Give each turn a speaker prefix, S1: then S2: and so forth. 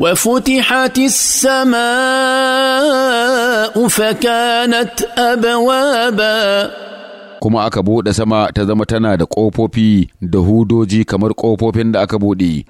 S1: وفتحت السماء فكانت أبوابا كما أكبوت سما تزمتنا دا
S2: قوبوبي دا هودوجي